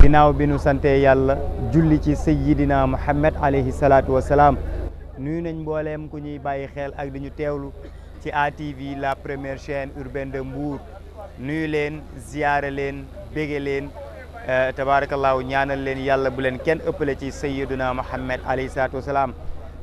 ginaaw bi nu santé yàlla julli ci sayyidina Muhammad alayhi salatu wassalam nuy nañ mbollem ku ñuy bàyyi xel ak diñu tewlu ci ATV la première chaîne urbaine de Mbour nuy leen ziaré leen bége leen tabaarakallaahu ñaanal leen yàlla bu leen kenn ëppale ci sayyidina Muhammad alayhi salatu wassalam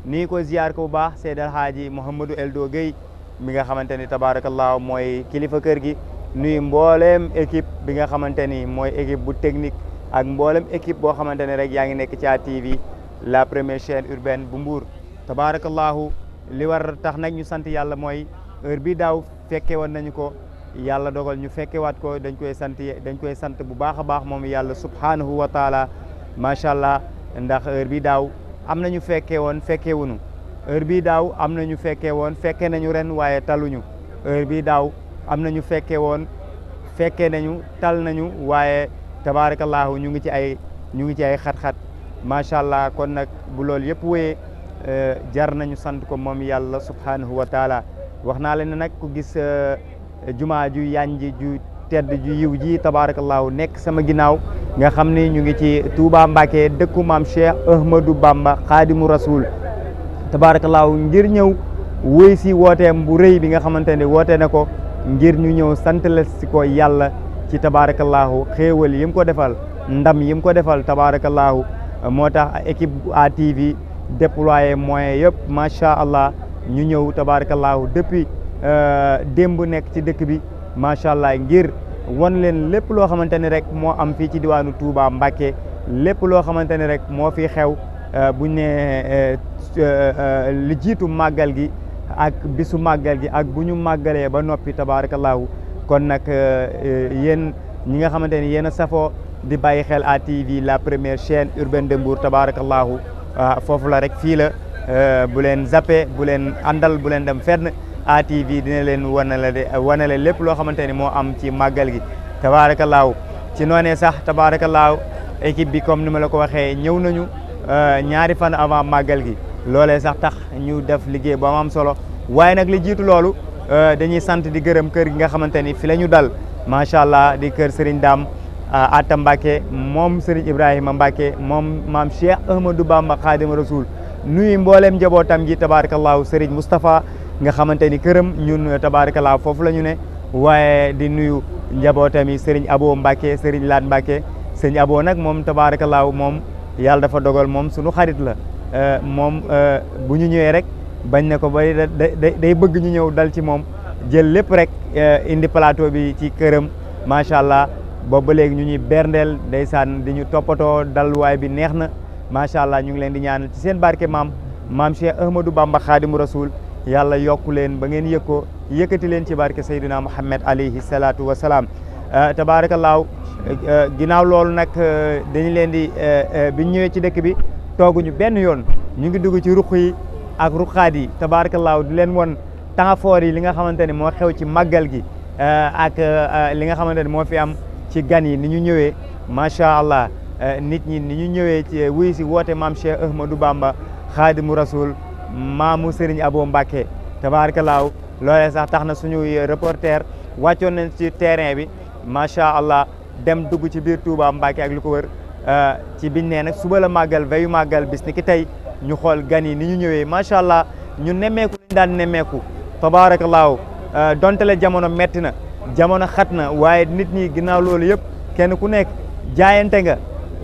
ni ko ziar ko baax Seydi Alhaaji Eldo gey mi nga xamanteni ni tabaarakallaahu kilifa kër gi nuy mbollem équipe bi nga xamanteni moy équipe bu technique ak mboolem équipe boo xamante ne rek yaa ngi nekk Thia TV la première chaîne urbaine bu Mbour tabaarakallaahu li war tax nag ñu sant yàlla mooy heure bi daaw fekke woon nañu ko yàlla dogal ñu fekkewaat ko dañ koy sant dañ koy sant bu baax a baax moom yàlla subhaanahu wa taala macha allah ndax heure bi daaw am nañu fekkee woon fekkee wuñu heure bi daaw am nañu fekkee woon fekkee nañu ren waaye taluñu heure bi daaw am nañu fekkee fekke fekkee nañu tal nañu waaye tabaarakallaahu ñu ngi ci ay ñu ngi ci ay xat macha allah kon nag bu loolu yëpp wéyee euh, jar nañu sant ko moom yàlla subhanahu wa taala wax naa leen ne nag ku gis euh, jumaa ju yanji ju tedd ju yiw ji tabaarakallaahu nekk sama ginnaaw nga xam ni ñu ngi ci Touba Mbacké dëkku maam Cheikh Ahmadou Bamba xaadimu rasul tabaarakallaahu ngir ñëw wéy si wooteem bu rëy bi nga xamante ne woote na ko ngir ñu ñëw sant la si ko yàlla ci tabaarakallaahu xéewal yi ko defal ndam yi ko defal tabaarakallaahu moo tax équipe A TV déployé moyens yëpp macha allah ñu ñëw tabaarakallaahu depuis euh, démb nekk ci dëkk bi macha allah ngir wan leen lépp loo xamante ni rek moo am fii ci diwaanu Touba Mbacké lépp loo xamante ni rek moo fi xew euh, buñ ne euh, li jiitu màggal gi ak bisu màggal gi ak bu ñu màggalee ba noppi tabaarakallaahu kon nag euh, euh, yéen ñi nga xamante ni yéen a safoo di bàyyi xel à TV la première chaîne urbaine de Mbour tabarakallahu ah, foofu la rek fii la euh, bu leen zappé bu leen àndal bu leen dem fenn à TV dina leen wanale de wanale lépp loo xamante ni moo am ci màggal gi tabarakallahu ci noone sax tabarakallahu équipe bi comme ni ma la ko waxee ñëw nañu ñaari fan avant màggal gi loolee sax tax ñu def liggéey bu am solo waaye nag li jiitu loolu Euh, dañuy sant di gërëm kër gi nga xamante ni fi la ñu dal macha allah di kër Serigne daam euh, Atta Mbacke moom Serigne Ibrahima Mbacke moom maam Cheikh Ahmadou Bamba Khadim Rasoul nuyu mbooleem njabootam ji tabarakallahu Serigne Moustapha nga xamante ni këram ñun tabarakallahu foofu la ñu ne waaye di nuyu njabootam yi Serigne Abo Mbacke Serigne Laat Mbacke Serigne Abo nag moom tabarakallahu moom yàlla dafa dogal moom sunu xarit la euh, moom bu ñu ñëwee rek. bañ ne ko bay day bëgg ñu ñëw dal ci moom jël lépp rek eh, indi plateau bi ci këram macha allah boobu ba léegi ñu ñuy berndeel ndeysaan di ñu toppatoo dalluwaay bi neex na macha allah ñu ngi leen di ñaanal ci seen barke maam maam Cheikh Ahmadou Bamba Khadimu Rasoul yàlla yokk leen ba ngeen yëg ko yëkkati leen ci barke Seydina Muhammad alayhi salaatu wa salaam eh, tabaarakallaahu eh, ginnaaw loolu nag dañu leen di bi ñëwee ci dëkk bi tooguñu benn yoon ñu ngi ci ruq ak ruqaat yi tabaarakallaahu di leen won temps fort yi li nga xamante ne moo xew ci màggal gi eh, ak eh, li nga xamante ne moo fi am ci gan yi ni ñu ñëwee macha allah eh, nit ñi ni ñu ñëwee ci wuy si woote maam Cheikh Ahmadou Bamba mu rasul maamu Serigne Abo Mbacke tabaarakallaahu loolee sax tax na suñuy reporter wàccoon nañ ci terrain bi macha allah dem dugg ci biir Touba Mbacke ak lu ko wër ci biñ nee nag suba la màggal veyu màggal bis ni tey ñu xool gan yi ni ñu ñëwee macha allah ñu nemmeeku lañ daan nemmeeku tabaarakallaahu euh, donte le jamono metti na jamono xat na waaye nit ñi ginnaaw loolu yëpp kenn ku nekk jaayante nga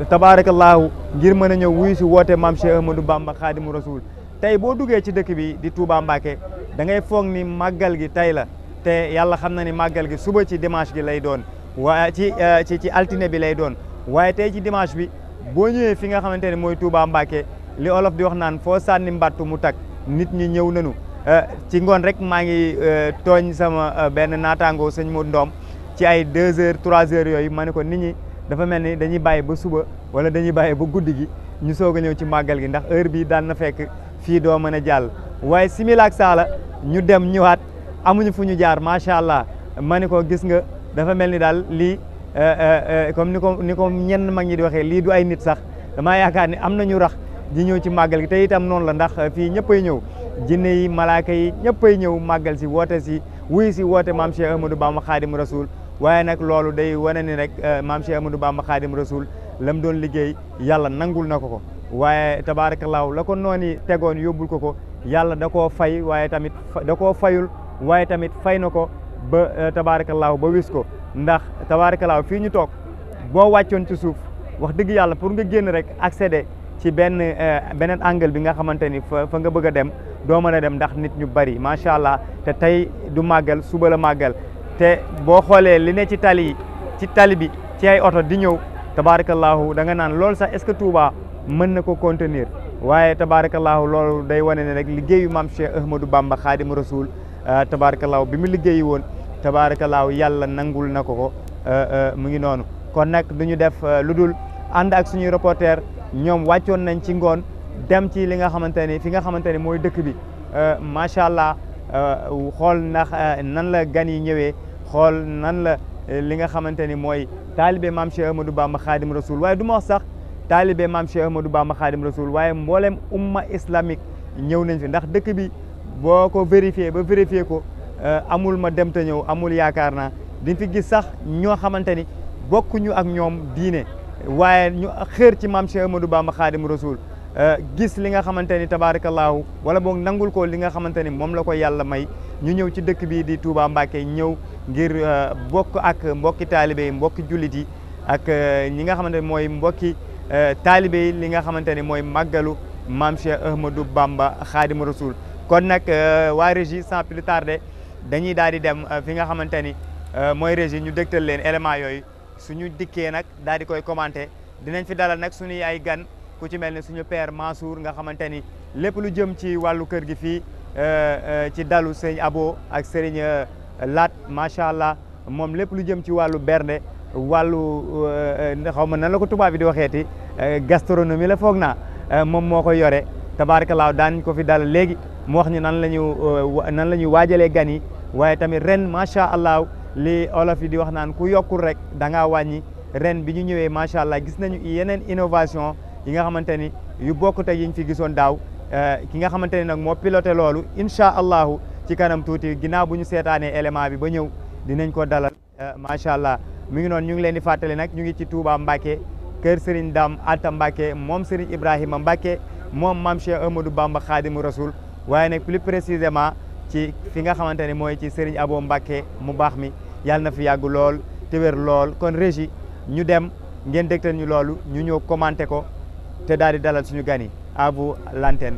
tabaarakallaahu ngir mën a ñëw wuyu si woote maam Cheikh Ahmadou Bamba xaadimu rasul tey boo duggee ci dëkk bi di Touba Mbacké da ngay foog ni màggal gi tey la te yàlla xam na ni màggal gi suba ci dimanche gi lay doon waaye ci euh, ci ci altine bi lay doon waaye tey ci dimanche bi boo ñëwee fi nga xamante ne mooy Touba Mbacké li olof di wax nan fo sanni mbattu mu tak nit ñi ñew nañu eh, ci ngon rek ma ngi eh, togn sama eh, ben natango señ mu ndom ci ay 2h 3h yoy ma ko nit ñi dafa melni ni dañuy baye ba suba wala dañuy baye ba guddigi ñu soga ñew ci magal gi ndax heure bi daan na fekk fi do mën jall waye similak sala ñu dem amuñu fu ñu jaar allah ko gis nga dafa li ni daal lii comme ni ko ni ko ñenn mag ñi di waxe li du ay nit sax dama ni rax di ñëw ci màggal gi te itam noonu la ndax fii ñëppay ñëw jinne yi malaaka yi ñëppay ñëw màggal si woote si wuy si woote maam Cheikh Ahmadou Bamba Xaadim Rasoul waaye nag loolu day wane ni rek eh, maam Cheikh Ahmadou Bamba Xaadim Rasoul la mu doon liggéey yàlla nangul na ko ko waaye tabaarakallaahu la ko noonu tegoon yóbbul ko ko yàlla da koo fay waaye tamit da koo fayul waaye tamit fay na ko ba eh, tabaarakallaahu ba wis ko ndax tabaarakallaahu fii ñu toog boo wàccoon ci suuf wax dëgg yàlla pour nga génn rek accéder ci benn eh, beneen angle bi nga xamante ni fa fa nga bëgg a dem doo mën a dem ndax nit ñu bari macha allah te tey du màggal suba la màggal te boo xoolee li ne ci tali ci tali bi ci ay oto di ñëw tabaarakallaahu da nga naan lool sax est-ce que Touba mën na ko contenir waaye tabaarakallaahu lool day wane ne rek liggéeyu maam Cheikh Ahmadou Bamba Xaadimu Rasuul eh, tabaarakallaahu bi mu liggéeyi woon tabaarakallaahu yàlla nangul na ko ko eh, mu ngi noonu kon nag du ñu def lu dul ànd ak suñuy reporter ñoom wàccoon nañ ci ngoon dem ci li nga xamante ni fi nga xamante ni mooy dëkk bi euh, macha allah euh, xool ndax euh, nan la gan yi ñëwee xool nan la li nga xamante ni mooy taalibe maam Cheikh Ahmadou Bamba Khadim Rasoul waaye du ma wax sax taalibe maam Cheikh Ahmadou ma Khadim Rasoul waaye mboolem umma islamique ñëw nañ fi ndax dëkk bi boo ko vérifié ba vérifié ko amul ma dem te ñëw amul yaakaar naa di fi gis sax ñoo xamante ni bokkuñu ak ñoom diine. waaye ñu xër ci maam Cheikh Amadou Bamba Xaadim Rasul euh, gis li nga xamante ni tabaarakallaahu wala boog nangul ko li nga xamante ni moom la ko yàlla may ñu ñëw ci dëkk bii di Touba Mbacke ñëw ngir euh, bokk ak mbokki taalibe yi mbokki jullit yi ak euh, ñi nga xamante ni mooy mbokki taalibe yi li nga xamante ni mooy màggalu maam Cheikh Ahmadou Bamba Xaadim Rasul kon nag waa régie sans plus tarder dañuy daal di dem fi nga xamante ni mooy régie ñu dégtal leen élément yooyu suñu dikkee nag daal di koy commenté dinañ fi dalal nag suñuy ay gan ku ci mel ne suñu père Mansour nga xamante ni lépp lu jëm ci wàllu kër gi fii euh, euh, ci dalu sëñ Abo ak sëriñ euh, Laat macha allah moom lépp lu jëm ci wàllu bernde wàllu xaw ma nan la ko tubaab bi di waxeeti gastronomie la foog naa moom moo koy yore tabaarakalaaw daan ko fi dalal léegi mu wax ñu nan la ñu nan la ñu waajalee gan yi waaye tamit ren macha allah. li olof yi di wax naan ku yokkul rek da ngaa wàññi ren bi ñu ñëwee macha allah gis nañu yeneen innovation yi nga xamante ni yu bokk tey yiñ fi gisoon daaw eh, ki nga xamante ni nag moo piloté loolu incha allahu ci kanam tuuti ginnaaw bu ñu seetaanee élément bi ba ñëw dinañ ko dalal eh, macha allah mi ngi noonu ñu ngi leen di fàttali nag ñu ngi ci Touba Mbacke kër Serigne Dame Atta Mbacke moom Serigne Ibrahima Mbacke moom maam Cheikh Amadou Bamba Khadimu Rasoul waaye nag plus précisément ci fi nga xamante ne mooy ci Serigne Abo Mbacké mu baax mi yàlla na fi yàgg lool te wér lool kon régie ñu dem ngeen dégtal ñu loolu ñu ñëw commenté ko te daal di dalal suñu gan yi à vous l'antenne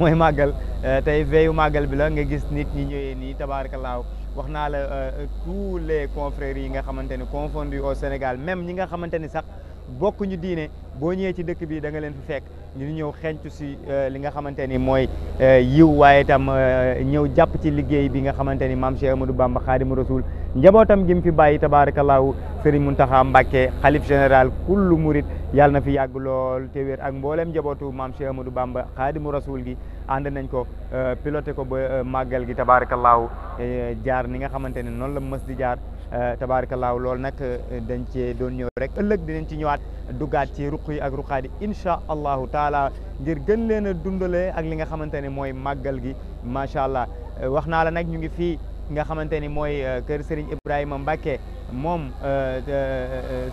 mooy màggal euh, tey veyu màggal bi la nga gis nit ñi ñëwee nii tabaarakallaahu wax naa la euh, tous les confrères yi nga xamante ni confondus au Sénégal même ñi nga xamante ni sax ñu diine boo ñëwee ci dëkk bi da nga leen fi fekk ñu ñëw xencu si euh, li nga xamante ni mooy euh, yiw waaye tam euh, ñëw jàpp ci liggéey bi nga xamante ni maam Cheikh Amadou Bamba Xaadimu Rasul njabootam gi mu fi bàyyi tabaarakallaahu Sëriñ Muntaxa Mbàkke xalif général kullu murit yàlla na fi yàgg lool te wér ak mboolem njabootu maam Cheikh Amadou Bamba Xaadimu Rasul gi ànd nañ ko piloté ko ba màggal gi tabaarakallaahu jaar ni nga xamante ni noonu la mës di jaar Euh, tabaarakallaahu loolu nag euh, dañ cee doon ñëw rek ëllëg dinañ ci ñëwaat duggaat ci ruq yi ak ruqaat yi incha allahu taala ngir gën leen a dundalee ak li nga xamante ne mooy màggal gi macha allah euh, wax naa la nag ñu ngi fii nga xamante ni mooy kër Serigne Ibrahima mbake moom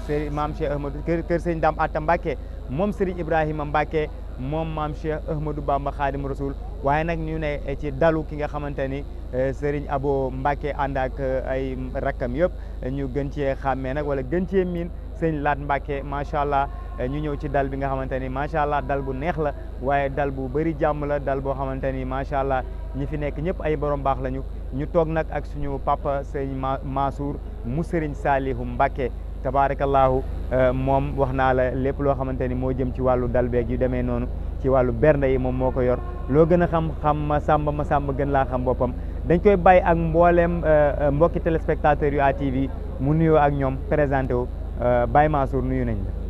Serigne maam Cheikh Ahmadou kër Serigne Dame Atta Mbacke moom Serigne Ibrahima mbake moom maam Cheikh Ahmadou Bamba Khadim Rasoul waaye nag ñu ne eh, ci dalu ki nga xamante ni eh, Serigne Abo Mbacke ànd ak eh, ay rakkam yëpp ñu gën cee xàmmee nag wala gën cee miin sëñ Laat Mbacke macha allah ñu ñëw ci dal bi nga xamante ni macha allah dal bu neex la waaye dal bu bëri jàmm la boo xamante ni macha allah ñi fi nekk ñëpp ay borom baax lañu ñu toog nag ak suñu papa sëñ Mansour mu Serigne Salihu Mbacke. tabaarakallaahu euh, moom wax naa la lépp loo xamante ni moo jëm ci wàllu dal beeg yu demee noonu ci wàllu bernde yi moom moo ko yor loo gën a xam xam ma sàmba ma sàmba gën laa xam boppam dañ koy bàyyi ak mbooleem euh, euh, mbokki téléspectateurs yu ATV mu nuyoo ak ñoom présenté wu Baye Mansour nuyu nañ la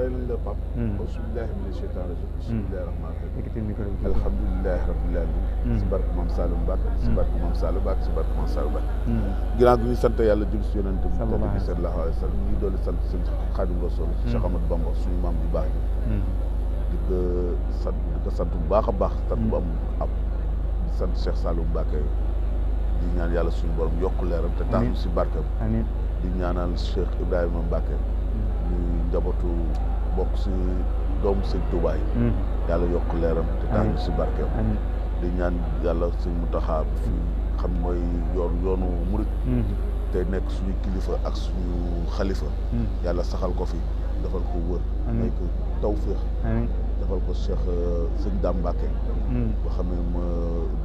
fay lañ la pap hmm. asubilahi mina cheytan rajim hmm. bismillahi rahmani rahim alhamdulilahi rabbil alamin hmm. si barke maam Saliou Mbacke si barke maam Saliou Mbacke si barke maam Saliou gi ñu sant yàlla jëm si yonente bi tedd bi sallallahu alayhi wa sallam ñu ngi doole sant seen Xaadim Rasul Cheikh Ahmadou Bamba suñu maam bu baax ji di sant bu baax a baax sant bu am ab di sant Cheikh Saliou Mbacke di ñaan yàlla suñu borom yokk leeram te tax si barkeem di ñaanal Cheikh Ibrahima Mbacke ñu njabootu bokk si doomu sëñ Tuubaa hmm. yàlla yokk leeram te tax si barkeem di ñaan yàlla sëñ Muntaxa fi xam mooy yoon yoonu murit hmm. te nekk suñu kilifa ak suñu xalifa hmm. yàlla saxal ko fi defal ko wër may ko tawféex defal ko Cheikh euh, sëñ Daam Mbàkke boo xam ne ma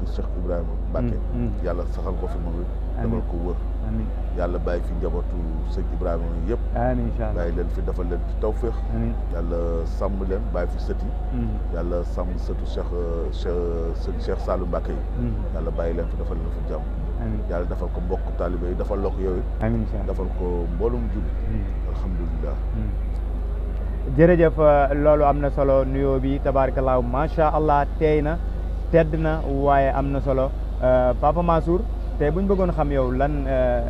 du Cheikh Ibrahima Mbàkke yàlla saxal ko fi moom it defal ko wër amiin yàlla bàyyi fi njabootu sëñ Ibrahima yëpp amiin incha allah bàyyi leen fi defal leen ci tawféex yàlla sàmm leen bàyyi fi sët yi yàlla sàmm sëtu Cheikh Cheikh sëñ Cheikh Saliou Mbacké yi yàlla bàyyi leen fi defal leen fi jàmm yàlla defal ko mbokk taalibe yi defal la ko yow it amiin incha allah defal ko mboolum jub alhamdulilah jërëjëf loolu am na solo nuyoo bi tabaarkalaaw macha allah teey na tedd na waaye am na solo Papa Mansour tey bu ñu bëggoon xam yow lan euh,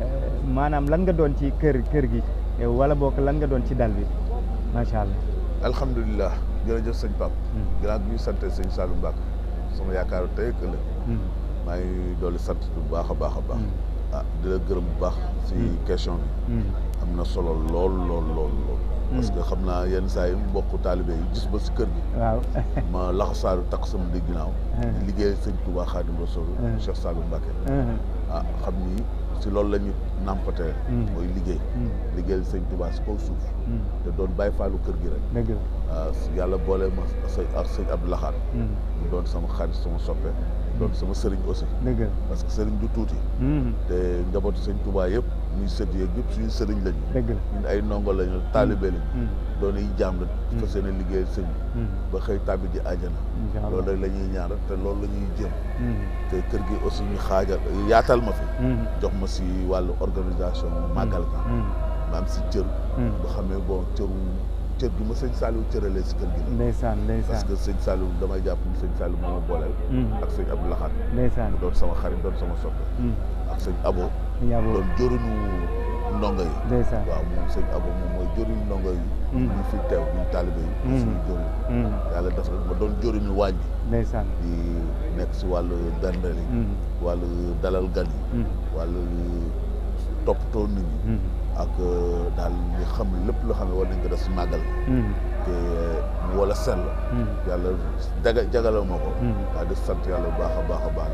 euh, maanaam lan nga doon ci kër kër gi wala bokk lan nga doon ci dal bi macha allah. alhamdulilah jërëjëf sëñ Pape. Hmm. gannaaw bi ñu sant sëñ Saliou Mbacke sama yaakaaru tey ak ëllëg. Hmm. maa ngi dolli sant bu baax a baax a baax. Hmm. ah di la gërëm bu baax. si question bi. am na solo lool lool lool lool. parce que hmm. xam naa yenn saa yi bokk taalibe yi gis ba si kër gi. waaw ma laxasaaru takk sama hmm. di ginnaaw. liggéey sëñ Touba Xaadim Rasuul. Hmm. Cheikh ah, xam ni si loolu la ñu nàmpatee. liggéey. sëñ Touba si kaw suuf. te doon bàyyi faalu kër gi rek. dëgg ah, yàlla boole ma ak sëñ Abdou Lahad. mu doon sama xarit sama soppe. doon sama sëriñ aussi. parce que sëriñ du tuuti. te njabootu sëñ Touba yëpp. muy sët yeeg yëpp suñu sëriñ lañu. ñun ay nongo lañu taalibe lañu. Mm. doon ay jaam mm. la. fas yéene liggéeyal sëñ mm. ba xëy tàbbi di àjjana. loolu rek la ñuy te loolu la ñuy jëm. te kër gi aussi ñu xaajal yaatal ma fi. jox ma si wàllu organisation màggal ga. ma am si cër. ba xam ne bon cëru cër gi ma sëñ Saliou cëralee si kër gi la. ndeysaan ndeysaan parce que sëñ Saliou damay jàpp ni sëñ Saliou moo ma booleel. ak sëñ Abdou Lahad. ndeysaan mu doon sama xarit doon sama soppe. ak sëñ Abo. doon jëriñu ndongo yi waaw moom sëñ abo moom mooy jëriñu ndongo yi ñu fi teew ñun taalibe yi suñu jëriñ yàlla def rek ma doon jëriñu waañ bi di nekk si wàllu berndel yi dalal gan yi hmm. wàllu toppatoo hmm. nit ñi ak daal li xam lépp loo xam ne war nañ ko def si màggal te hmm. wala sell yàlla jaga jagaloo ma ko waaw di sant yàlla bu baax a baax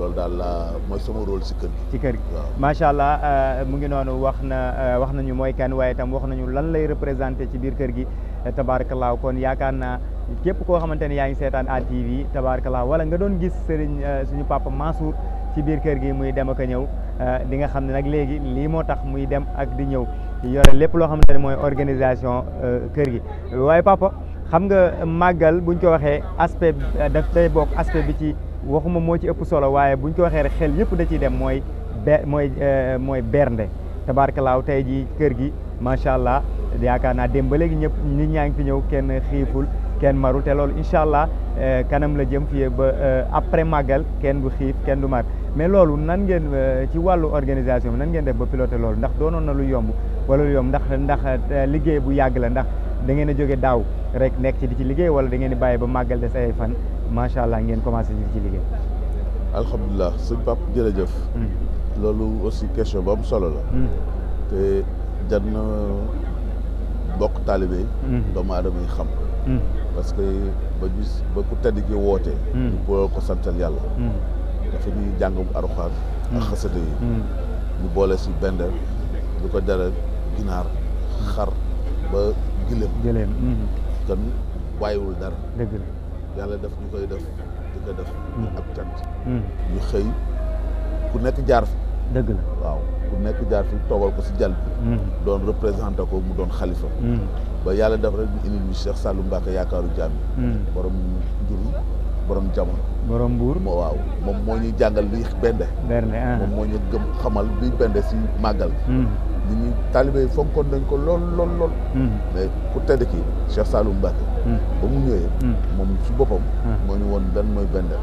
loolu daal la mooy sama rôle si kër gi. ci kër gi macha allah euh, mu ngi noonu wax na euh, wax nañu mooy kan waaye itam wax nañu lan lay représenté ci biir kër gi euh, tabaarakallaa kon yaakaar naa képp koo xamante ne yaa ngi seetaan à TV tabaarakallaa wala nga doon gis sëriñ suñu papa Mansour ci biir kër gi muy dem ak a ñëw di nga xam ne nag léegi lii moo tax muy dem ak di ñëw yore lépp loo xamante ne mooy organisation kër gi waaye papa xam nga màggal buñ ko waxee aspect daf day bokk waxuma moo ci ëpp solo waaye buñ ko waxee rek xel yépp da ciy dem mooy be mooy euh, mooy bernde tabaarkalaaw tey jii kër gi macha allah yaakaar naa dem ba léegi ñëpp nit ñaa ngi fi ñëw kenn xiiful kenn marul te loolu incha allah euh, kanam la jëm fii ba euh, après màggal kenn du xiif kenn du mar mais loolu nan ngeen ci wàllu organisation bi nan ngeen def ba piloté loolu ndax doonoon na lu yomb wala lu yomb ndax ndax liggéey bu yàgg la ndax. da ngeen a jóge daaw rek nekk ci di ci liggéey wala da ngeen di bàyyi ba màggal des ay fan macha allah ngeen commencé di ci liggéey. alhamdulilah sëñ Pape jërëjëf. Hmm. loolu aussi question bu am solo la. Hmm. te jar na bokk taalibe. Hmm. doomu aadama xam. parce que ba gis ba ku tedd ki woote. ñu boole ko santal yàlla. dafa ñuy jàng Alxuraan ak xasida yi. ñu boole si benn lu ko dara ginaar xar gëléem gëléem mhm. kon bàyyiwul dara dëgg la yàlla def ñu koy def di ko def ñu mhm. ak cant mhm. ñu xëy ku nekk jaar fi dëgg la waaw ku nekk jaar fi toogal ko si jal bi doon représenté ko mu doon xalifa ba yàlla def rek ñu indi ñu Cheikh Saliou Mbacké yaakaaru jaam borom njur borom jamono borom buur moom moo ñuy jàngal luy bende ah. moom moo ñu gëm xamal luy bende si màggal nit ñi taalibe yi fonkoon nañ ko lool lool lool. Hmm. mais ku tedd ki Cheikh Saloum Mbacké. Hmm. ba mu ñëwee. Hmm. moom ci boppam. moo ñu woon lan mooy bendel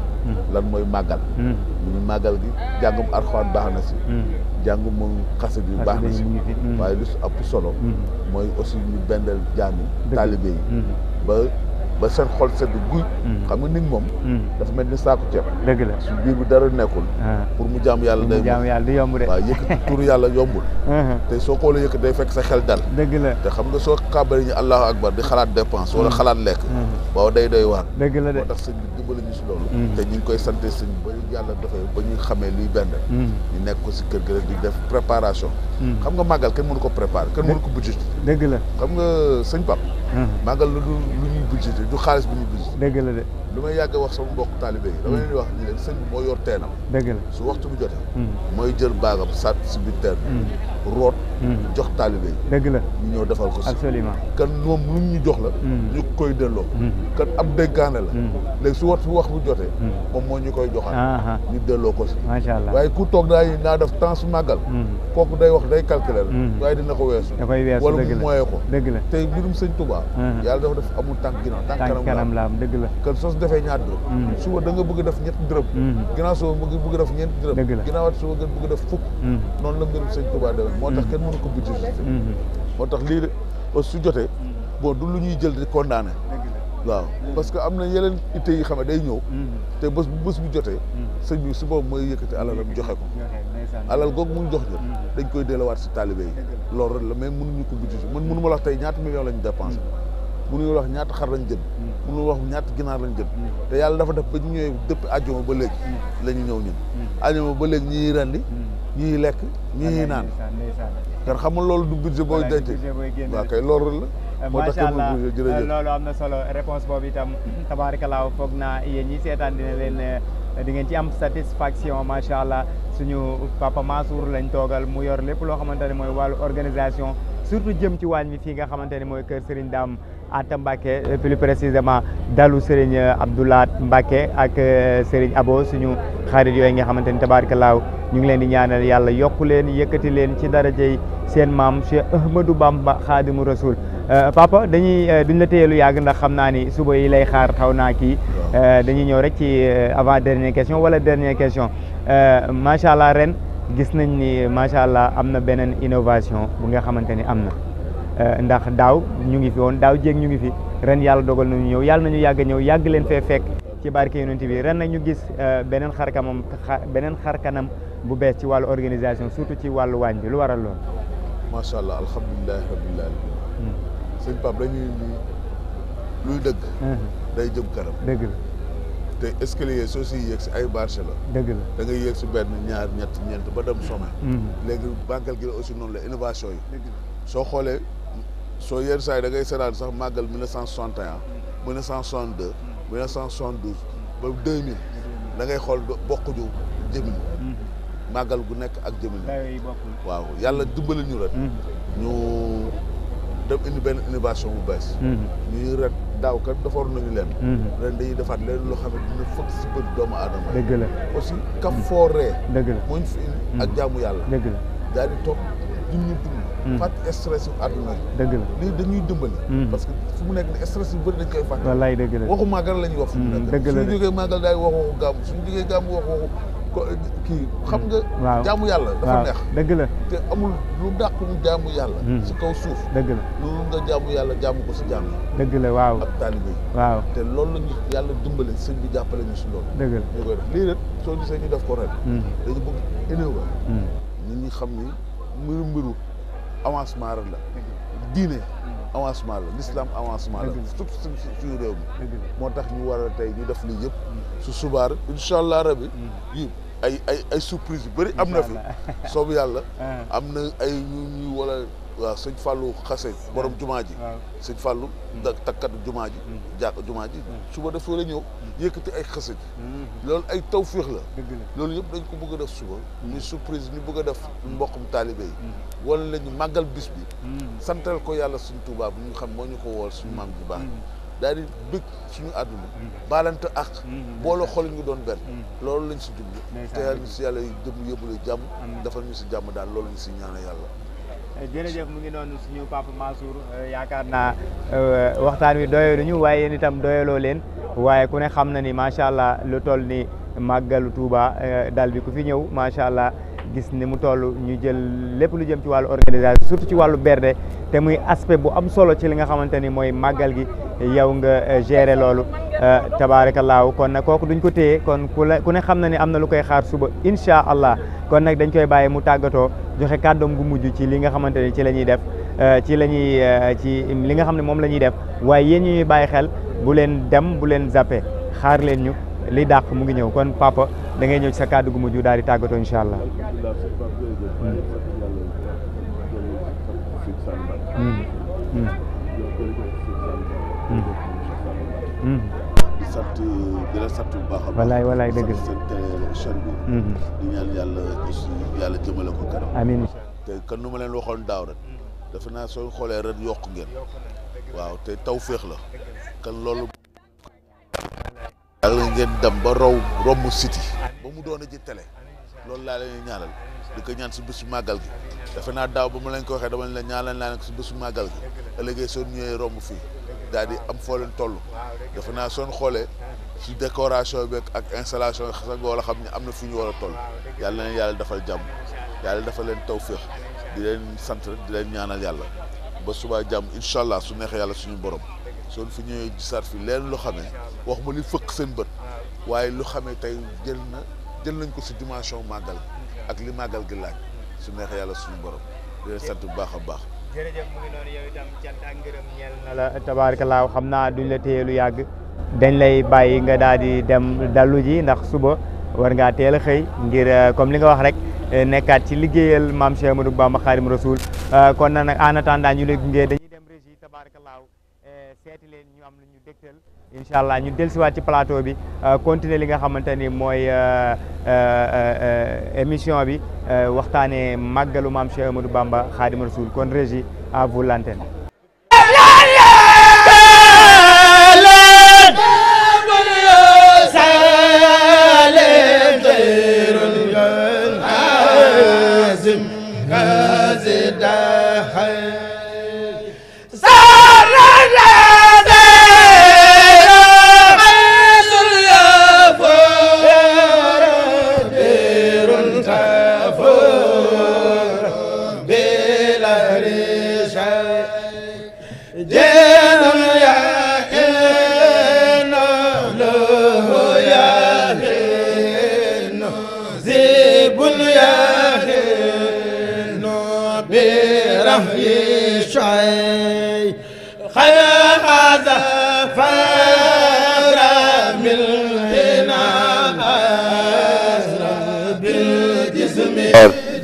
lan mooy màggal. mu ñu màggal gi jàngum Alxuraan baax na si. jàngum moom xase bi baax na si. waaye lu si ëpp mooy aussi ñu bendel jaami taalibe yi ba seen xol sedd guy. Mm. xam nga nit moom. Mm. dafa mel ni saako ceeb. dëgg la su biir bi dara nekkul. Ah. pour mu jaam yàlla day. mu jaam yàlla di yomb de. waaw yëkkati turu yàlla yombul. Uh-huh. te soo ko la yëkkati day fekk sa xel dal. dëgg la te xam nga soo xaabale ñu allahu akbar di xalaat dépense wala mm. xalaat lekk. waaw day doy waar. dëgg la de moo tax sëñ bi dimbali ñu si loolu. te ñu ngi koy sant sëñ ba yàlla dafay ba ñu xamee luy benn. ñu nekk ko si kër gi rek di def préparation. xam nga màggal kenn ko préparer kenn mënu la xam nga sëñ budgété du xaalis bu ñu budgété. dëgg la de. lu may yàgg a wax sama mbokk taalibe yi dama leen wax ni leen sëñ bi moo yor teenam dëgg la su waxtu bi jotee hmm. mooy jël baagam sat si biir hmm. root hmm. jox taalibe yi dëgg la ñu ñëw defal ko si absolument kan moom lu ñu jox la ñu koy delloo kan ab dénkaane la léegi su wax bu jotee moom moo ñu koy joxaat ñu delloo ko si macha allah waaye ku toog daa naa temps su màggal kooku day wax day calculer waaye dina ko weesu da koy weesu ko dëgg la tey mbirum sëñ Touba yàlla dafa def amul tànk ginnaaw tànk kanam la am dëgg la defee ñaar dërëm hmm. suba da nga bëgg def ñetti dërëm hmm. ginnaaw suba bëgg bëgg def ñeenti dërëm ginnaawaat suba nga bëgg def fukk hmm. noonu la mbirum sëñ Tuubaa demee moo tax kenn mënu ko buddi moo tax lii su jotee bon du lu di na day ñëw te bés bu bés jotee sëñ bi su boobu mooy joxe ko alal googu mu jox ñu dañ koy delluwaat si taalibe yi loolu rek la mais mënuñu ko buddi man mënuñu wax ñaata xar lañ jënd hmm. mënuñu wax ñaata ginaar lañ jënd hmm. te yàlla dafa def ba ñu ñëwee dëpp àjjuma ba léegi hmm. la ñu ñëw ñun àjjuma ba léegi ñii rendi ñii lekk ñii naan kon xam nga loolu du budget boo denc waaw kay loolu la euh, macha allah euh, loolu am na solo réponse boobu itam tabaarakalaa foog naa yéen ñi seetaan dina leen euh, di ngeen ci am satisfaction macha allah suñu papa Mansour lañ toogal mu yor lépp loo xamante ne mooy wàllu organisation surtout jëm ci waañ bi fii nga xamante ne mooy kër Serigne Dame Atta Mbacke plus précisément dalu Serigne Abdoulaat Mbacke ak euh, Serigne Abo suñu xarit yooyu nga xamante ni tabaarkalaaw ñu ngi leen di ñaanal yàlla yokku leen yëkkati leen ci darajey seen maam Cheikh Ahmadou Bamba Xaadimu Rasul euh, papa dañuy euh, duñ la téye lu yàgg ndax xam naa ni suba yi lay xaar xaw naa kii dañuy ñëw rek ci avant dernière question wala dernier question macha allah ren gis nañ ni macha allah am na beneen innovation bu nga xamante ni am na. Eh, ndax daaw ñu ngi fi woon daaw jéeg ñu ngi fi ren yàlla dogal nañu ñëw yàlla nañu yàgg ñëw yàgg leen fee fekk ci barke yonent bi ren nag ñu gis eh, beneen xar kanam beneen xar kanam bu bees ci wàllu organisation surtout ci wàllu waañ bi lu waral lool. macha allah alhamdulilah rabbil alamin. sëñ Pape dañuy luy dëgg. Hmm. day jëm kanam dëgg la. te escalier soo siy yéeg si ay marché la. dëgg la da ngay yéeg si benn ñaar ñett ñeent ba dem sommet. Hmm. léegi bànqal gi la noonu la innovation yi. soo yenn saa yi da ngay seetaan sax màggal 1961 1962 1972 ba 2000 da ngay xool bokkuñu jëmin hmm. màggal gu nekk ak jëmin waaw yàlla dimbali ñu ret hmm. ñu dem indi benn innovation bu bees hmm. ñuy ret daaw kat defaroon nañu leen ren dañuy defaat leen loo xam ne dina fëgg si bët doomu aadama dëgg la aussi kaf fooree dëgg la moo ñu fi ak jaamu yàlla dëgg daal di toog ñun ñu dund Mm. fàtte stress yu àdduna dëgg la lii dañuy dimbali mm. parce que fu mu nekk ni stress yu bëri dañ koy fàtte wallaay dëgg la waxu màggal la ñuy wax fu mu mm, nekk suñu jógee màggal daay wax waxu gàmm suñu jógee gàmm wax waxu kii xam nga jàmm yàlla dafa neex dëgg la te amul lu dàq mu jaamu yàlla si kaw suuf dëgg la loolu nga yàlla jaamu ko si jaam dëgg la waaw ak taalibe yi waaw te loolu la ñu yàlla dimbale sëñ bi jàppale ñu si loolu dëgg la ñu koy def lii rek ñu def ko ren xam ni mbiru avancement rek la diine avancement la l'islam avancement la suñu réew mi moo tax ñu war a tey ñu def lii yëpp su subaar incha allah rabi mm. yi ay ay ay surprise yu bëri am na fi soobu yàlla ah. am na ay ñu ñu wala waaw sëñ Fallou xase borom jumaa ji sëñ Fallou da takkat jumaa ji jàkk jumaa ji mm-hmm. suba dafa war a ñëw mm-hmm. yëkkati ay xase mm-hmm. loolu ay tawféex la loolu yëpp dañ ko bëgg a def suba ñu surprise ñu bëgg a def mboqum taalibe yi wala lañu màggal bis bi santal ko yàlla suñ tubaab bi ñu xam moo ñu ko wool suñu maam ji baax daal di bëgg suñu àdduna baalante ak booloo xol ñu doon benn loolu lañ si jublu te yàlla ñu si yàlla jëm yóbbule jàmm dafa ñu si jàmm daal loolu ñu si ñaana yàlla jërëjëf mu ngi noonu suñu papa Mansour euh, yaakaar naa euh, waxtaan wi doyaluñu waaye yéen itam doyaloo leen waaye ku ne xam na ni macha allah lu toll ni màggalu Touba euh, dal bi ku fi ñëw macha allah gis ni mu toll ñu jël lépp lu jëm ci wàllu organisation surtout ci wàllu berde te muy aspect bu am solo ci li nga xamante ni mooy màggal gi yow nga gere loolu. Eh, tabaarakallaahu kon nag kooku duñ ko téye kon ku la ku ne xam na ni am na lu koy xaar suba incha allah kon nag dañ koy bàyyi mu tàggatoo joxe kàddoom gu mujj ci li nga xamante ne ci la ñuy def eh, ci la ñuy eh, ci li nga xam ne moom la ñuy def waaye yéen ñuy bàyyi xel bu leen dem bu leen zappe xaar leen ñu li dàq mu ngi ñëw kon papa da ngay ñëw sa kàddu gu mujj daal di tàggatoo incha allah. Mm-hmm. sant di la sant bu baax a baax. walaay walaay dëgg la sant chaîne bi. Mhm. di ñaan yàlla aussi yàlla jëmale ko kanam. amiin. te kan nu ma leen waxoon daaw rek. dafa naa soo xoolee ren yokk ngeen. waaw te taw féex la. kan loolu. yàlla ngeen dem ba raw romb city ba mu doon ci télé. loolu laa leen ñaanal di ko ñaan si bésu màggal gi. dafa naa daaw ba ma leen ko waxee dama leen ñaanal naa leen ko si bésu màggal gi. ëllëgee soo ñëwee romb fii. daal am fo len tollu defe naa soon xoolee ci décoration bi ak installation xassa go la xamni amna fuñu wara toll yàlla na yàlla defal jàmm yàlla defal len tawfiq di len sant rek di len ñaanal yàlla ba suba jàmm inshallah su nexe yàlla suñu borom son fi ñewé ci sar fi len lu xamé wax ma li fëkk seen bëtt waye lu xamé tay jël na jël nañ ko ci dimension magal ak li magal gi laaj su nexe yàlla suñu borom di len sant bu baaxa baax jërëjëf mu ngi noonu yow itam cant ak ngërëm ñeel na la tabaarkalaaw xam naa duñ la téye lu yàgg dañ lay bàyyi nga daal di dem dallu ji ndax suba war ngaa teel a xëy ngir euh, comme li nga wax rek euh, nekkaat ci liggéeyal maam Cheikh Ahmadou Bamba Xaadimu Rasuul euh, kon nag en attendant ñu lay gunge dem régie tabaarkalaaw seeti leen ñu am lu ñu dégtal incha allah ñu dellusiwaat ci plateau bi euh, continuer li nga xamante ni mooy euh, euh, émission bi waxtaanee màggalu maam Bamba Xaadimu Rasuul kon régie à vous l'antenne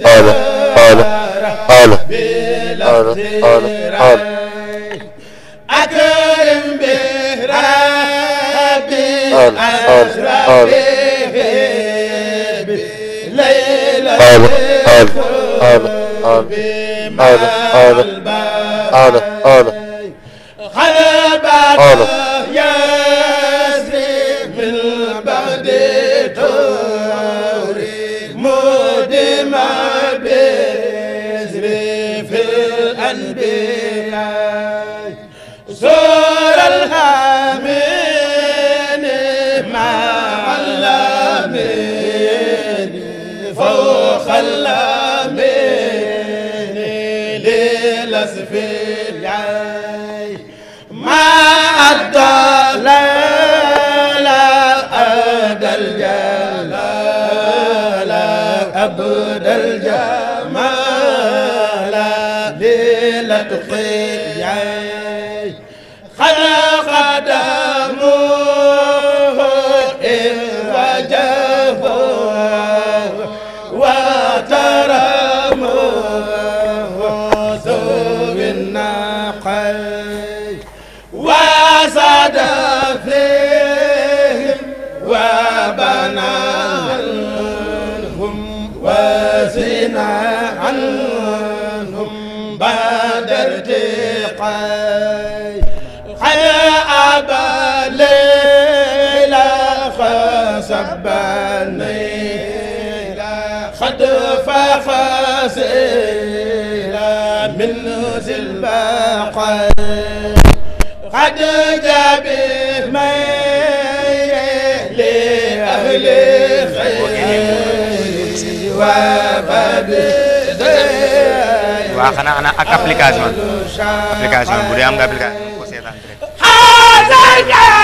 قال قال قال قال قال قال أكرم به ربي قال قال قال ليلة قال قال قال قال قال قال قال قال قال أبد الجمال ليلة خير فاسيلا من نوز البحر قد جابت ميه لأهل خير وباب وأنا أنا أكابليكاسيون أكابليكاسيون بوري أم أكابليكاسيون هذا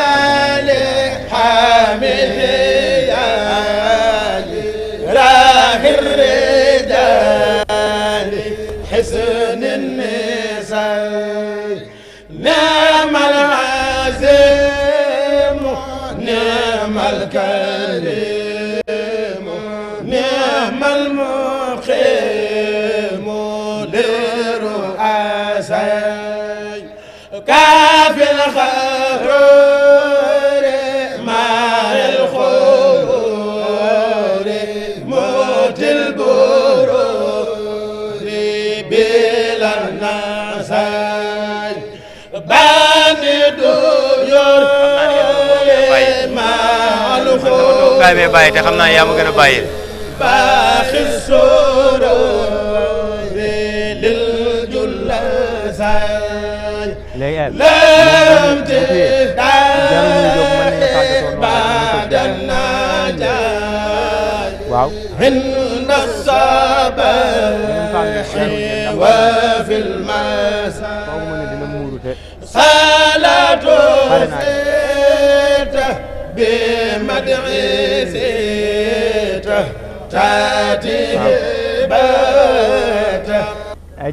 kaay bee bàyyi te xam naa yaa gën a bàyyil baaxi sóoróore lil julla saay lam te daare baadan najaay waaw hinna sabaxi wa fil masaa salaatu ay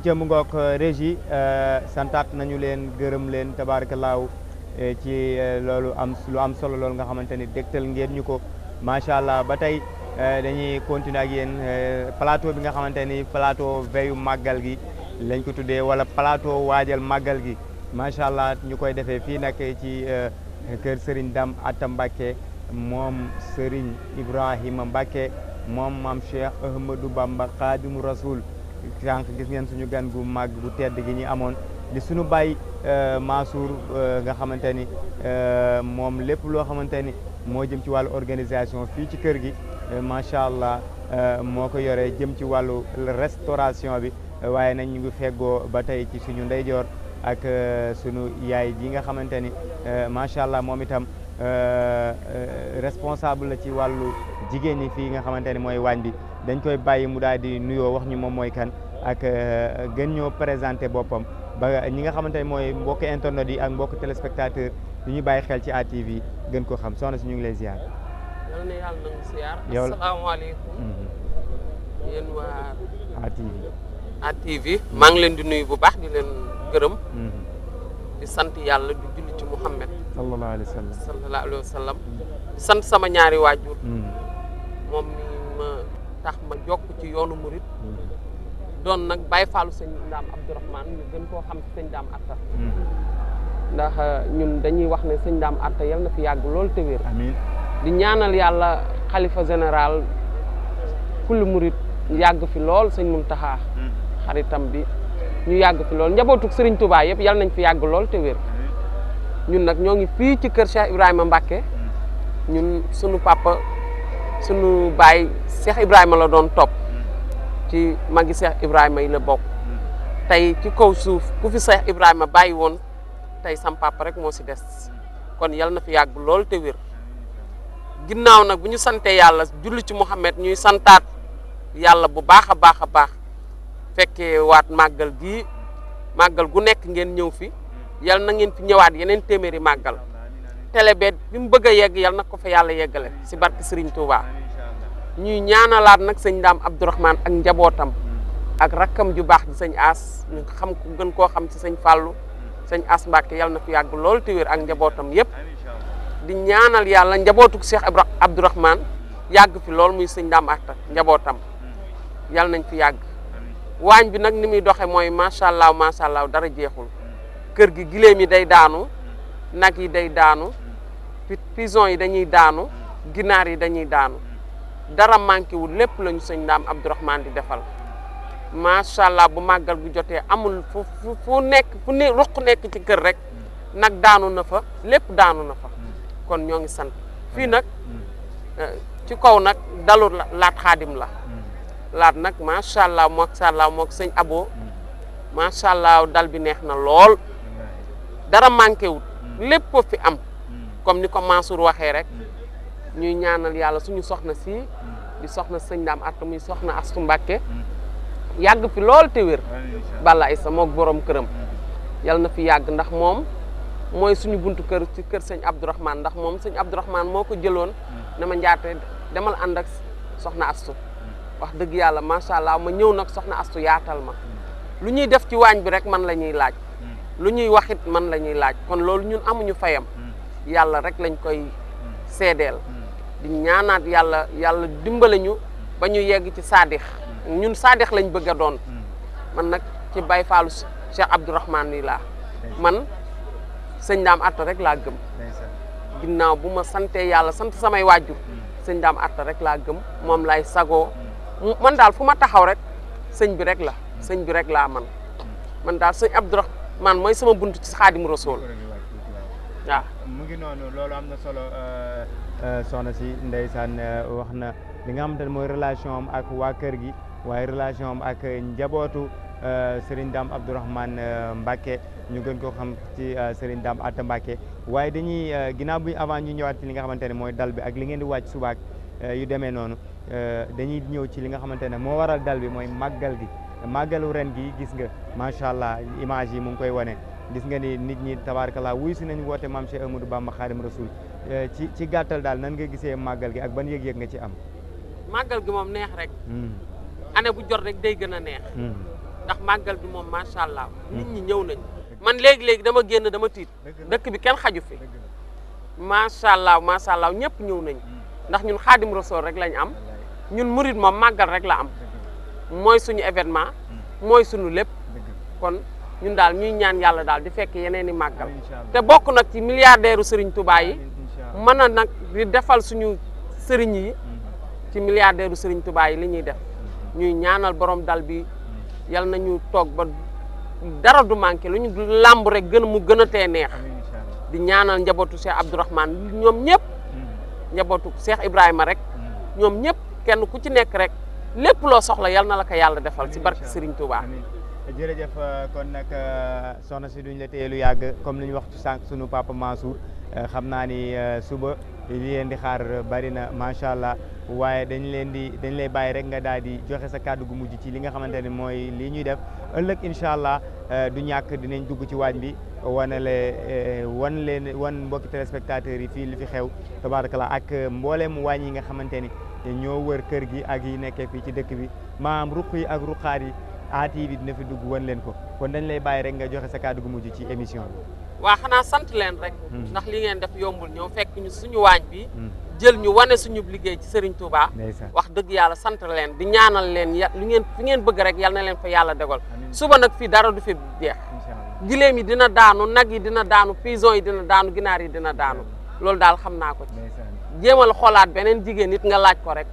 ca mu ngoog euh, régie euh, santaat nañu leen gërëm leen tabaarakalaaw euh, ci loolu am lu am solo lool nga xamante ni dégtal ngeen ñu ko macha allah ba tey dañuy continuer ak yéen plateau bi nga xamante ni plateau veyu màggal gi lañ ko tuddee wala plateau waajal màggal gi macha allah ñu koy defee fii nag ci. kër Serigne Dame ata Mbacke moom Serigne Ibrahima Mbacke moom maam Cheikh Ahmadou Bamba Xaadimu Rasul sànq gis ngeen suñu gan gu màgg bu tedd gi ñu amoon li suñu bàyyi euh, Mansour euh, nga xamante ni euh, moom lépp loo xamante ni moo jëm ci wàllu organisation fii ci kër gi macha allah moo ko yoree jëm ci wàllu restauration bi waaye nag ñu ngi fegoo ba tey ci suñu ndeyjoor ak euh, sunu yaay ji nga xamante ni euh, macha allah moom itam euh, responsable la ci wàllu jigéen ñi fii nga xamante ni mooy waañ bi dañ koy bàyyi mu daal di nuyoo wax ñi moom mooy kan ak gën ñoo présenté boppam ba ñi nga xamante ni mooy mbokk internet yi ak mbokk téléspectateur yu ñu bàyyi xel ci ATV gën ko xam soxna si ñu ngi lay ziar. yal na yàlla mhm. maa ngi leen di nuyu bu baax di leen. gërëm mm-hmm. di sant yàlla di julli ci Muhammad sant sama ñaari waajur mm-hmm. moom mi ma tax ma jokk ci yoonu murit mm-hmm. doon nag bàyyi faalu sëñ daam Abdourahmane ñu gën koo xam ci sëñ daam Atta ndax euh, ñun dañuy wax ne sëñ daam Atta yal na fi yàgg lool te wér di ñaanal yàlla xalifa général kulli murit yàgg fi lool sëñ Muntaxa xaritam bi ñu yàgg fi lool njabootug sëriñ Touba yëpp yal nañ fi yàgg lool te wér ñun nag ñoo ngi fii ci kër Cheikh Ibrahima mbàkke ñun sunu papa sunu baay Cheikh Ibrahima la doon topp ci magi Cheikh Ibrahima yi la bokk tey ci kaw suuf ku fi Cheikh a bàyyi woon tey sam papa rek moo si des kon yal na fi yàgg lool te wér ginnaaw nag bu ñu santee yàlla julli ci Muhammad ñuy santaat yàlla bu baax a baax a baax. fekke wat magal gi magal gu nek ngeen ñew fi yal na ngeen fi ñewat yeneen téméré magal télé bi bi mu bëgg yegg yal na ko fa yalla yeggalé ci barke Serigne Touba ñuy ñaanalat nak serigne dam abdourahman ak njabotam ak rakam ju bax ji serigne As ñu xam ko gën ko xam ci serigne fallu serigne As Mbacke yal na fi yàgg lool ti wér ak njabotam yépp di ñaanal yalla njabotuk Cheikh abdourahman yag fi lool muy serigne dam Atta njabotam yal nañ fi yag waañ bi nag ni muy doxe mooy macha allah macha allah dara jeexul kër gi gileem yi day daanu nag yi day daanu pison yi dañuy daanu ginaar yi dañuy daanu dara manqué wul lépp lañu sëñ Ndaam Abdourahmane di defal macha allah bu màggal bu jotee amul fu fu nekk fu ne ruq nekk ci kër rek nag daanu na fa lépp daanu na fa kon ñoo ngi sant fii nag mm. eh, ci kaw nag dalu laat xaadim la laat ma macha allah macha allah moog abo macha allah dal bi neex na lool dara wut mm. fi am mm. comme ni ko Mansour waxee rek mm. ñuy ñaanal yalla suñu soxna si di soxna seigne dam at muy soxna Astu Mbàkke yag fi lol te wër bala isa moog borom kërëm yalla na fi yag ndax mom moy suñu buntu kër ci kër seigne mom, ndax mom seigne abdourahman moko jëlone dama ndiaté demal andak soxna Astu wax yalla ma sha allah ma ñew nak soxna astu yaatal ma lu ñuy def ci wañ bi rek man lañuy laaj hmm. lu waxit man lañuy laaj kon loolu ñun amuñu fayam hmm. yalla rek lañ koy hmm. sédel di ñaanaat yalla yalla dimbalañu ñu ba ñu yegg ci sadiq ñun sadiq lañ bëgg doon man nak ci bay fallu Cheikh abdourahman ni la man sëñ dam atta rek la gëm ginnaw buma ma yalla sante samay wajju sëñ dam atta rek la gëm mom lay sago man dal fuma taxaw rek señ bi rek la señ bi rek la man man daal sëñ Abdourahmane moy sama buntu ci khadim rasoul ya mu ngi nonu lolu amna solo euh euh sohna ci euh, wax waxna li nga xamantene moy relation am ak wa keur gi waaye relation am ak euh Serigne Dame abdourahman euh, Mbacke ñu gën ko xam ci euh, Serigne Dame Atta Mbacke waye dañuy ginaaw bu avant ñu ñëwaat ci li nga xamantene moy dal bi ak li ngeen di wàcc subaak Euh, yu demee noonu euh, dañuy ñëw ci li nga xamante ne moo waral dal bi mooy màggal gi màggalu ren gi gis nga macha allah image yi mu ngi koy wane gis nga ni nit ñi tabaarkalla wuy si nañ woote maam Cheikh Amadou Bamba Xaadim Rasul euh, ci ci gàttal daal nan nga gisee màggal gi ak ban yëg-yëg nga ci am. màggal gi moom neex rek. Hmm. année bu jot rek day gën a neex. Hmm. ndax màggal bi moom macha allah. Hmm. nit ñi ñëw nañ man léegi léegi dama génn dama tiit. dëkk bi kenn xaju fi. macha allah macha allah ñëpp ñëw nañ ndax ñun khadim rasul rek lañ am ñun murid mom magal rek la am moy suñu événement moy suñu lepp kon ñun dal, ñuy ñaan yalla dal, di fekk yeneeni magal te bok nak ci milliardaire serigne Touba yi mëna nak di defal suñu serigne yi ci milliardaire serigne Touba yi li ñuy def ñuy ñaanal borom dal bi yalla nañu tok ba dara du manqué luñu lamb rek gëna mu gëna té neex di ñaanal njabootu Cheikh Abdourahmane ñom ñepp njabootu Cheikh Ibrahima rek ñoom ñëpp kenn ku ci nekk rek lépp loo soxla yal na la ko yàlla defal ci barke Serigne Touba. jërëjëf euh, kon nag euh, soxna si duñ la téye lu yàgg comme li ñu wax sànq sunu papa Mansour euh, xam naa ni suba. li leen di xaar bari na macha allah waaye dañ leen di dañ lay bàyyi rek nga daal di joxe sa kàddu gu mujj ci li nga xamante ne mooy lii ñuy def ëllëg incha allah eh, du ñàkk dinañ dugg ci waañ bi wanale eh, wan leen wan mbokki téléspectateurs yi fii li fi xew tabaarakallah ak mbooleem waañ yi nga xamante ni ñoo wër kër gi ak yi nekkee fii ci dëkk bi maam ruq yi ak ruqaar yi ATV dina fi dugg wan leen ko kon dañ lay bàyyi rek nga joxe sa kàddu gu mujj ci émission bi waa xanaa sant leen rek ndax li ngeen def yombul ñëw fekk ñu suñu waañ bi jël ñu wane suñu liggéey ci Serigne Touba wax dëgg yàlla sant leen di ñaanal leen ya lu ngeen fi ngeen bëgg rek yal na leen fa yàlla dogal suba nag fii dara du fi jeex gileem yi dina daanu nag yi dina daanu pison yi dina daanu ginaar yi dina daanu loolu daal xam naa ko ci jéemal xoolaat beneen jigéen nit nga laaj ko rek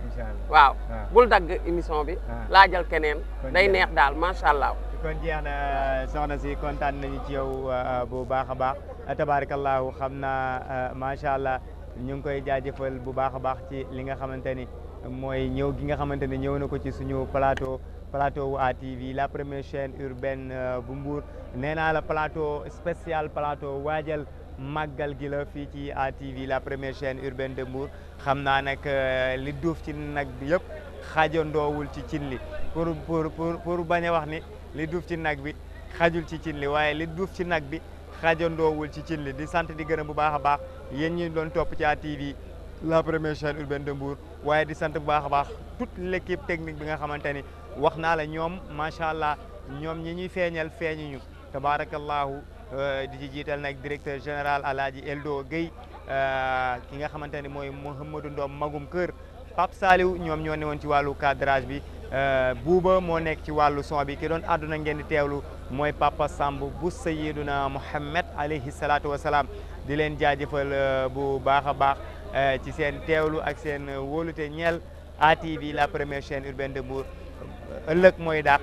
waaw ah. bul dagg émission bi ah. laajal keneen day neex daal macha allah. kon jeex euh, na soxna si kontaan nañu ci yow euh, bu baax a baax tabaarakallaahu xam naa euh, macha allah ñu ngi koy jaajëfal bu baax a baax ci li nga xamante ni mooy ñëw gi nga xamante ni ñëw na ko ci suñu plateau plateau wu ATV la première chaîne urbaine bu Mbour nee naa la plateau spécial plateau waajal màggal gi la fii ci ATV la première chaine urbaine de Mbour xam naa nag li duuf ci nag bi yëpp xaajandoowul ci cin li pour pour pour pour bañ a wax ni li duuf ci nag bi xajul ci cin li waaye li duuf si nag bi xajandoowul ci cin li di sant di gërëm bu baax a baax yéen ñi doon topp ci ATV la première chaîne urbaine de Mbour waaye di sant bu baax a baax toute l' équipe technique bi nga xamante ni wax naa la ñoom macha allah ñoom ñi ñuy feeñal feeñuñu tabaarakallahu euh, di ci jiital nag directeur général Alaaji Eldo Guèye euh, ki nga xamante ni mooy Mouhamadou Ndom magum kër Pape Saliou ñoom ñoo ne ci wàllu cadrage bi euh, buuba moo nekk ci wàllu son bi ki àdduna ngeen di teewlu mooy Papa Samb bu Sayyiduna Muhammad alayhi salaatu wa salaam di leen jaajëfal euh, bu baax a baax euh, ci seen teewlu ak seen wóolute ñeel ATV la première chaîne urbaine de Mbour mooy dàq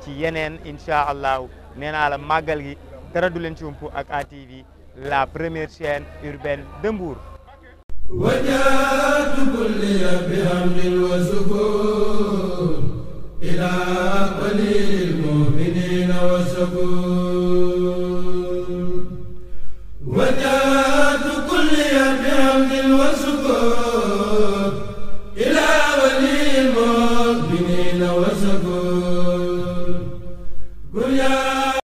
ci yeneen incha allahu nee naa la màggal gi dara du leen ci ump ak ATV la première chain urbaine de وجاءت كلي بحمد وسكون إلى قليل المؤمنين وسكون وجاءت كلي بحمد